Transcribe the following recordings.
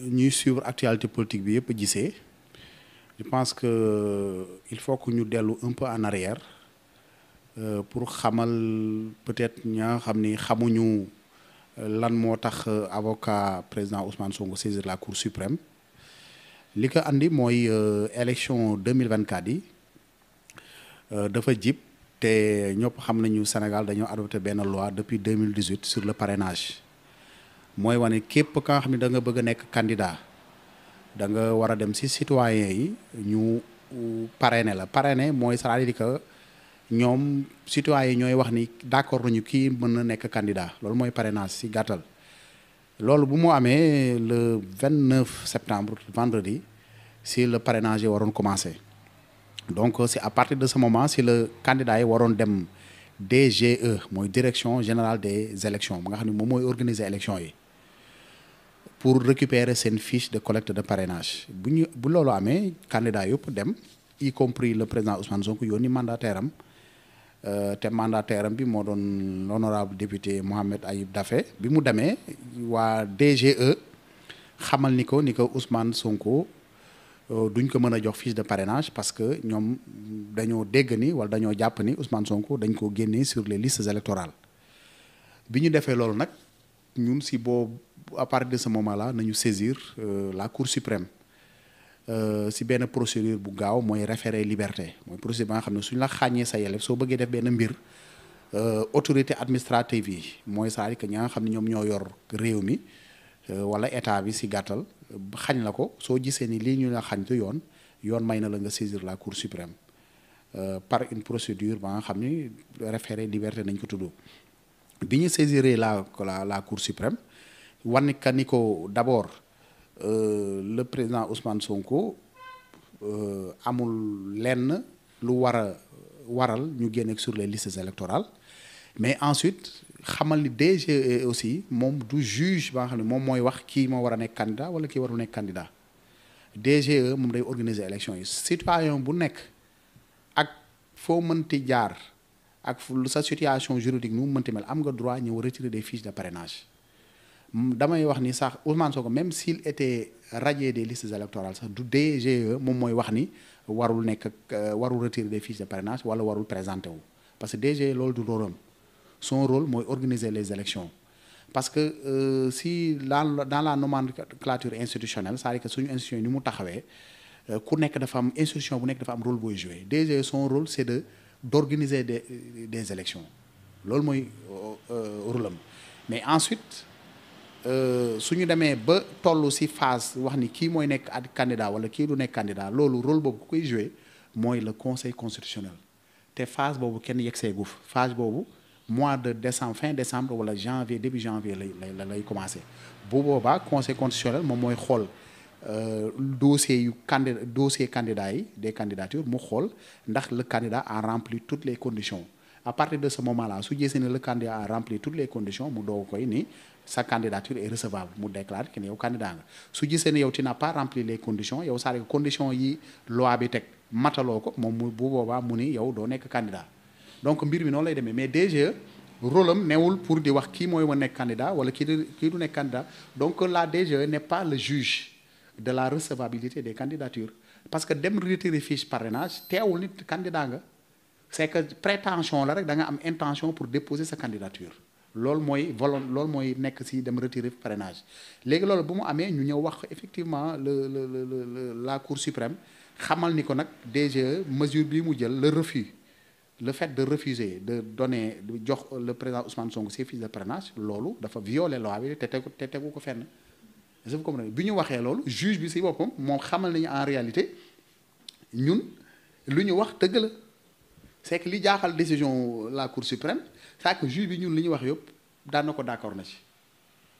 ñuy suivre actualité politique bi yëpp gisee je pense que euh, il faut que ñu dellu un peu en arrière euh, pour xamal peut-être ñaa xam ni xamuñu euh, lan moo tax avocat président Ousmane Sonko saisir la Cour suprême li ko andi mooy élection 2024 yi dafa jib te ñëpp xam nañu Sénégal dañoo adopté benn loi depuis 2018 sur le parrainage mooy wane képp ka nga xam ne da nga bëgg a nekk candidat da nga war a dem si citoyen yi ñu uh, parrainer la parrainer mooy c'est-à-dire que ñoom citoyen yi ñooy wax ni d'accord nañu kii mën na nekk candidat loolu mooy parrainage ci gàttal loolu bu mu amee le 29 septembre vendredi si le parrainage yi waroon commencer donc euh, c'est à partir de ce moment si le candidat yi waroon dem DGE mooy direction général des élections mu nga xam ne moom mooy organiser élection yi pour récupérer seen fiche de collecte de parrainage bu ñu bu loolu amee candidat yëpp dem y compris le président Ousmane Sonko yónni mandataire am euh, te mandataire am bi moo doon l'honorable député Mohamed Ayib Daffé bi mu demee waa DGE xamal ni ko ni ko Ousmane Sonko euh, duñ ko mën a jox fiche de parrainage parce que ñoom dañoo dégg ni wala dañoo jàpp ni Ousmane Sonko dañ ko génnee sur les listes électorales bi ñu defee loolu nag ñun si boobu à partir de ce moment-là nañu saisir euh, la cour suprême euh, si benn procédure bu gaaw mooy référé liberté mooy procédure ba nga xam ne suñ la xàññee sa soo bëggee def benn mbir euh, autorité administrative yi mooy cest à xam ne ñoom ñoo yor réew mi wala état bi si gàttal xañ la ko soo gisee ni lii ñu la xañ tu yoon yoon may na la nga saisir la cour suprême par une procédure ba nga xam ni référé liberté nañ ko tudd bi ñu saisiree la la la cour suprême ni ko d'abord euh, le président Ousmane Sonko euh, amul lenn lu war a waral ñu génn sur les listes électorales mais ensuite xamal ni DGE aussi moom du juge ba nga xam ne moom mooy wax kii moo war a nekk candidat wala kii warul nekk candidat DGE moom day organiser élection yi citoyen bu nekk ak foo mënti jaar ak sa situation juridique nu mu mënti mel am nga droit ñëw retirer des fiches de parrainage damay wax ni sax Ousmane ko même s'il était radié des listes électorales sax du DGE moom mooy wax ni warul nekk euh, warul retirer des fiches de parrainage wala warul présenter wu parce que DGE loolu du rôle am son role mooy organiser les élections parce que euh, si la dans la nomenclature institutionnelle c'est-à-dire que suñu institution yi ni mu taxawee euh, ku nekk dafa am institution bu nekk dafa am rôle booy jouer DGE son role c'est de d'organiser des des élections loolu mooy euh, rôle am mais ensuite Euh, su ñu demee ba toll si phase wax ni kii mooy nekk at candidat wala kii du nekk candidat loolu rôle boobu ku koy joué mooy le conseil constitutionnel te phase boobu kenn yegsee guuf phase boobu mois de décembre fin décembre wala janvier début janvier lay lay lay commencé bu boobaa conseil constitutionnel moom mooy xool euh, dossier yu candidat dossier candidat yi des candidatures mu xool ndax le candidat a rempli toutes les conditions. à partir de ce moment là su gisee ne le candidat a rempli toutes les conditions mu doog koy ni sa candidature est recevable mu déclare que ne yow candidat nga su gisee ne yow tu n'as pas les conditions yow cest yi loi bi teg mataloo ko moom bu boobaa mu ni yow doo nekk candidat donc mbir mi noonu lay demee mais DGE rôle am newul pour di wax kii mooy ma nekk candidat wala kii du kii nekk candidat donc la DGE n'est pas le juge de la recevabilité des candidatures parce que dem retirer fiche parrainage teewul nit candidat nga c'est que prétention la rek danga am intention pour déposer sa candidature loolu mooy volon lool mooy nekk si dem retirer parrainage léegi loolu bu mu amee ñu ñëw wax effectivement le le le la cour suprême xamal ni ko nag DGE mesure bi mu jël le refus le fait de refuser de donner du jox le président Ousmane Sonko ses fiches de parrainage loolu dafa violer loi bi te tegu te tegu ko fenn est bi ñu waxee loolu juge bi si boppam moom xamal ñu en réalité ñun lu ñu wax dëgg la. c'est que li jaaxal décision la cour suprême c'est que bi ñun li ñu wax yëpp daan na ko d'accord na ci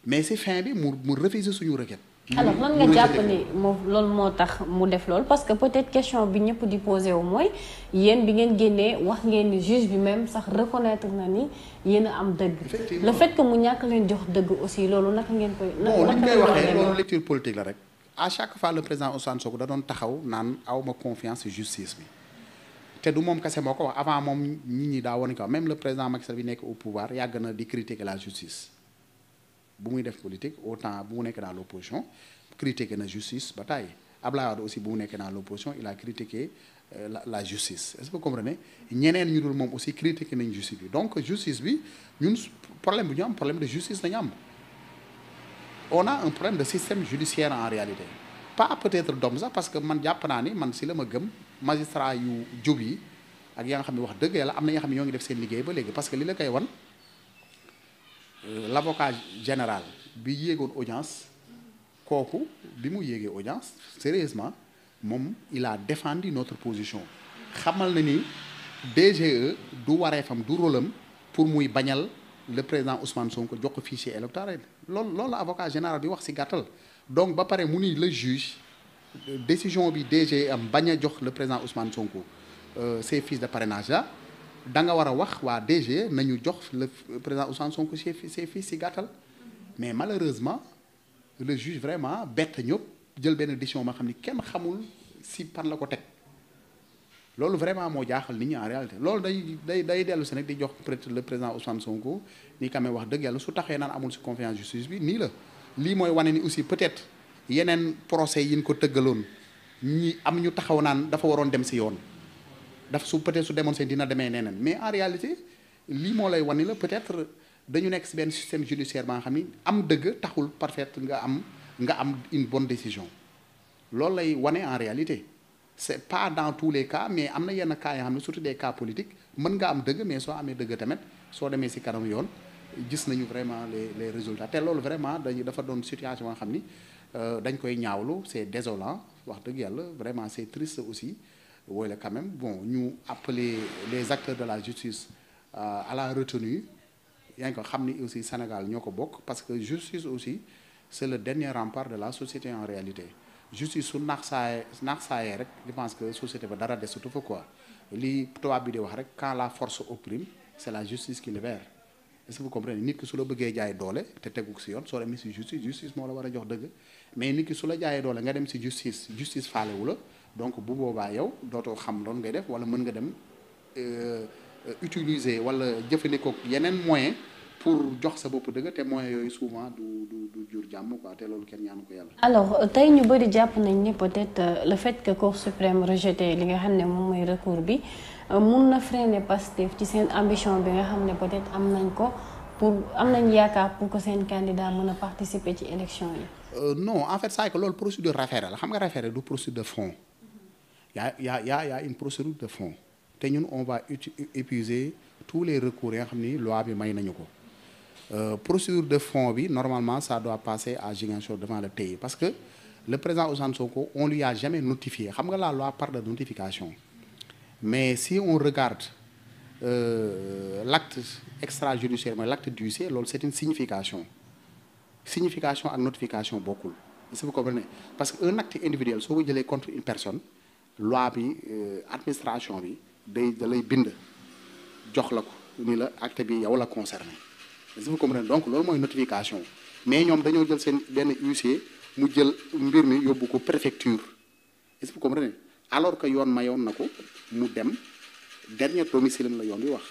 mais si fin bi mu mu refuser suñu requête. alors lan nga jàpp ni moom loolu moo tax mu def loolu parce que peut-être question bi ñëpp di posé wu mooy yéen bi ngeen génnee wax ngeen ni juge bi même sax reconnaître na ni yéen am dëgg. le fait que mu ñàkk leen jox dëgg aussi loolu naka ngeen koy. naka ngeen koy loolu lecture politique la rek. à chaque fois le président Ousmane Sonko da doon taxaw naan awma confiance justice bi. te du moom kese moo ko wax avant moom nit ñi daa woon ko même le président Macky Sall bi nekk au pouvoir yàgg na di critiquer la justice bu muy def politique autant bu mu nekk dans l' opposition critiquer na justice ba tàyyi Ablaye Wade aussi bu mu nekkee dans l' opposition il a critiqué euh, la la justice est ce que vous ñeneen ñu dul moom aussi critiqué nañ justice bi donc justice bi ñun problème bu ñu am problème de justice nañu am on a un problème de système judiciaire en réalité pas peut être d'homme parce que man jàpp naa ni man si la ma gëm. magistrat yu jub yi ak ya nga xam ne wax dëgg yàlla am na ñoo xam ne ñoo ngi def seen liggéey ba léegi parce que li la koy wan euh, l' avocat général bi yéegoon audience kooku bi mu yéegee audience sérieusement moom il a défendu notre position xamal na ni DGE du wareefam du rôle pour muy bañal le président Ousmane Sonko jox ko fichier électoral loolu loolu la avocat général bi wax ci gàttal donc ba pare mu ni la juge décision bi DG am bañ a jox le président Ousmane Sonko euh, ses fiches de parrainage là da nga war a wax waa DG nañu jox le président Ousmane Sonko ses ses fiches si gàttal mais malheureusement le juge vraiment bett ñëpp jël benn décision ma xam ni kenn xamul si par la ko teg loolu vraiment moo jaaxal nit ñi en réalité loolu day day day dellu si nag di jox peut être le président Ousmane Sonko ni quand wax dëgg yàlla su taxee naan amul si confiance justice bi nii la lii mooy wane ni aussi peut être. yeneen procès yi ñu ko tëggaloon ñi am ñu taxaw naan dafa waroon dem si yoon daf su peut-être su demoon seen dina demee neneen mais en réalité lii moo lay wan ni la peut-être dañu nekk si benn système judiciaire ba nga xam ni am dëgg taxul parfaite nga am nga am une bonne décision loolu lay wane en réalité c'est pas dans tous les cas mais am na yenn cas yoo xam ne surtout des cas politiques mën nga am dëgg mais soo amee dëgg tamit soo demee si kanam yoon gis nañu vraiment les les résultats loolu vraiment dañu dafa doon situation nga xam ni Euh, dañ koy ñaawlu c'est désolant wax dëgg yàlla vraiment c'est triste aussi wooy la quand bon ñu appeler les acteurs de la justice euh, à la retenue yaa ngi ko xam ni aussi Sénégal ñoo ko bokk parce que justice aussi c'est le dernier rempart de la société en réalité justice su naax saay naax saayee rek li pense que société ba dara des desatu fa quoi li tubaab bi di wax rek quand la force opprime c'est la justice qui libère est-ce que vous comprenez nit ki su la bëggee jaay doole te tegu si yoon soo demee si justice justice moo la war a jox dëgg mais nit ki su la jaayee doole nga dem si justice justice faalewu la donc bu boobaa yow dootoo xam loolu ngay def wala mën nga dem euh, utiliser wala jëfandikoo yeneen moyen pour jox sa bopp dëgg te moyens yooyu souvent du du du jur jàmm quoi loolu kenn ñaanu ko yàlla. alors euh, tey ñu bëri jàpp nañ ni peut-être euh, le fait que Cour suprême bi. Euh, mun na freiner Pastef ci seen ambition bi nga xam ne peut am nañ ko pour am nañ yaakaar pour que seen candidat mën a participer ci élection yi. Euh, non en fait c'est que loolu procédure référé la xam nga référé du procédure de fond y a y a y a y a une procédure de fond te ñun on va épuiser tous les recours yi xam ni loi bi may nañu ko. Euh, procédure de fond bi normalement ça doit passer à Ziguinchor devant le TI parce que le président Ousmane Sonko on lui a jamais notifié xam nga la loi parle de notification mais si on regarde euh, l'acte extrajudiciaire mooy l'acte d'huissier loolu c'est une signification signification ak notification bokkul si vous comprenez parce que nag acte individuel soo ko jëlee contre une personne loi bi euh, administration bi day da bind jox la ko ni la acte bi yow la concerné si donc loolu mooy notification mais ñoom dañoo jël seen benn huissier mu jël mbir mi yóbbu ko préfecture si vous comprenez alors que yoon mayoon na ko mu dem dernier domicile la yoon bi wax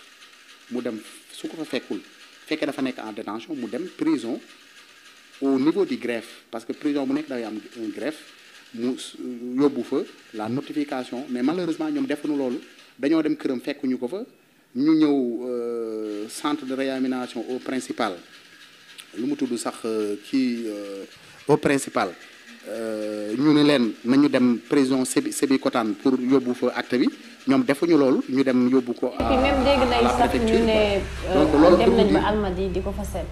mu dem su ko fa fekkul fekkee dafa nekk en détention mu dem prison au niveau du greffe parce que prison bu nekk dafay am un greffe mu yóbbu fa la notification mais malheureusement ñoom defuñu loolu dañoo dem këram fekkuñu ko fa ñu ñëw euh, centre de réanimation au principal lu mu tudd sax ci euh, euh, au principal Euh, ñu ni leen nañu dem prison Sébi Sébikotane pour yóbbu fa acte bi ñoom defuñu loolu ñu dem yóbbu ko. à même dégg nañ sax ñu euh, dem di ko fa seet.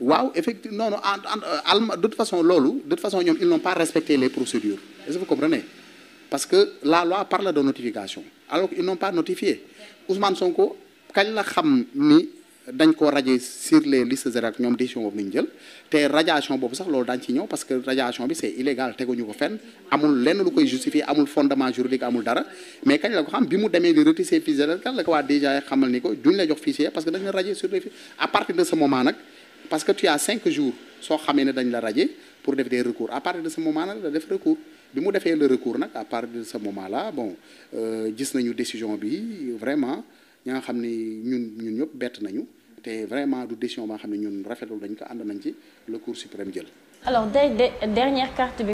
waaw effectivement non euh, alma de façon loolu de façon ñoom ils n'ont pas respecté les procédures est-ce que vous comprenez parce que la loi parle de notification alors qu'ils n'ont pas notifié Ousmane Sonko kañ la xam ni. dañ koo radier sur les listes électorales ñoom décision boobu nañ jël te radiation boobu sax loolu dañ ci ñëw parce que radiation bi c'est illégal teguñu ko fenn amul lenn lu koy justifier amul fondement juridique amul dara mais kañ la ko xam bi mu demee di retisser fichier électoral la ko waa déjà xamal ni ko duñ la jox fichier parce que dañ la radier sur les à partir de ce moment parce que tu as cinq soo xamee ne dañ la radier pour def des recours à partir de ce moment nag la def recours bi mu defee le recours nag à de ce moment là bon euh, gis nañu décision bi vraiment ñi nga xam ni ñun ñun ñëpp bett nañu te vraiment du décision ba nga ñun rafetlu dañ ko ànd nañ ci le cour suprême jël alors dernière carte bi